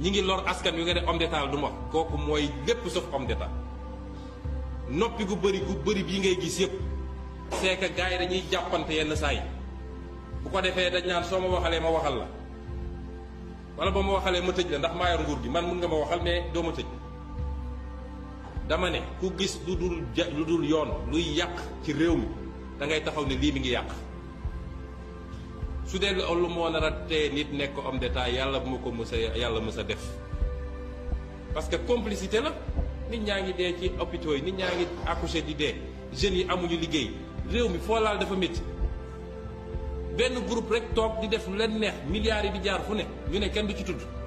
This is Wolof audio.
ñi ngi lor askan wi nga ne homme d'état du wax kooku mooy lépp sauf homme d'état noppi gu bëri gu bëri bii ngay gis yëpp c'est que gars yi dañuy jàppante yenn saa bu ko defee dañ naan soo ma ma waxal la wala ba ma waxalee ma tëj la ndax maa yor nguur gi man mun nga ma waxal mais doo ma tëj dama ne ku gis lu dul lu dul yoon luy yàq ci réew mi da ngay taxaw ne lii mi ngi yàq su dee lu moo nar a tee nit nekk homme d'état yàlla bu ma ko mës a yàlla mës a def parce que complicité la nit ñaa ngi dee ci hôpitaux yi nit ñaa ngi accouché di dee jeunes yi amuñu liggéey réew mi foo laal dafa métti benn groupe rek toog di def lu leen neex milliards yi jaar fu ne ñu ne kenn du ci tudd